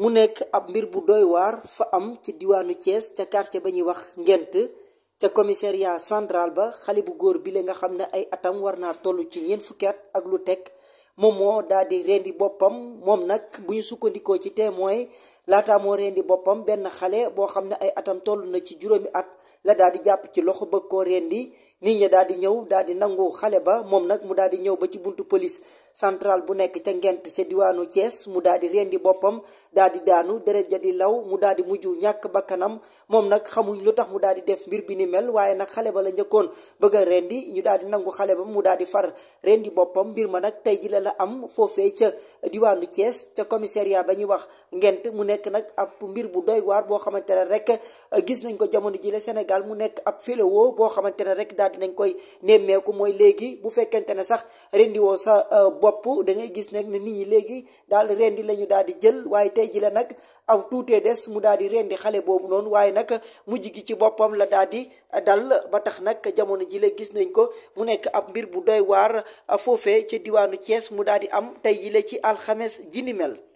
mu nekk ab mbir bu doy waar fa am ci diwaanu Thiès ca quartier ba ñuy wax ngent ca commissariat central ba xale bu góor bi la nga xam ne ay atam war naa toll ci ñeent fukki ak lu teg moom moo daal di rendi boppam moom nag bu ñu sukkandikoo ci témoin laataa moo reendi boppam benn xale boo xam ne ay atam toll na ci juróomi at la daal di jàpp ci loxo bëgg koo reendi nit ñi daal di ñëw daal di nangu xale ba moom nag mu daal di ñëw ba ci buntu police centrale bu nekk ca Ngent ca diwaanu Thiès mu daal di reendi boppam daal di daanu deret ja di law mu daal di mujj ñàkk bakkanam moom nag xamuñ lu tax mu daal di def mbir bi ni mel waaye nag xale ba la njëkkoon bëgg a reendi ñu daal di xale ba mu daal di far reendi boppam mbir ma nag tey ji la la am foofee ca diwaanu Thiès ca commissariat ba ñu wax Ngent mu nekk nag ab mbir bu doy waar boo xamante ne rek gis nañ ko jamono ji la Sénégal mu nekk ab fléau boo xamante ne rek daal dinañ koy nemmeeku mooy léegi bu fekkente ne sax rendi woo sa euh, bopp da gis nag ne nit ñi léegi daal rendi la ñu daal di jël waaye tey ji nag aw tuutee des mu daal di rendi xale boobu noonu waaye nag mujj gi ci boppam la daal dal ba tax nag jamono ji la gis nañ ko mu nekk ab mbir bu doy waar foofee ca diwaanu Thiès mu daal di am tey ji la ci alxames ji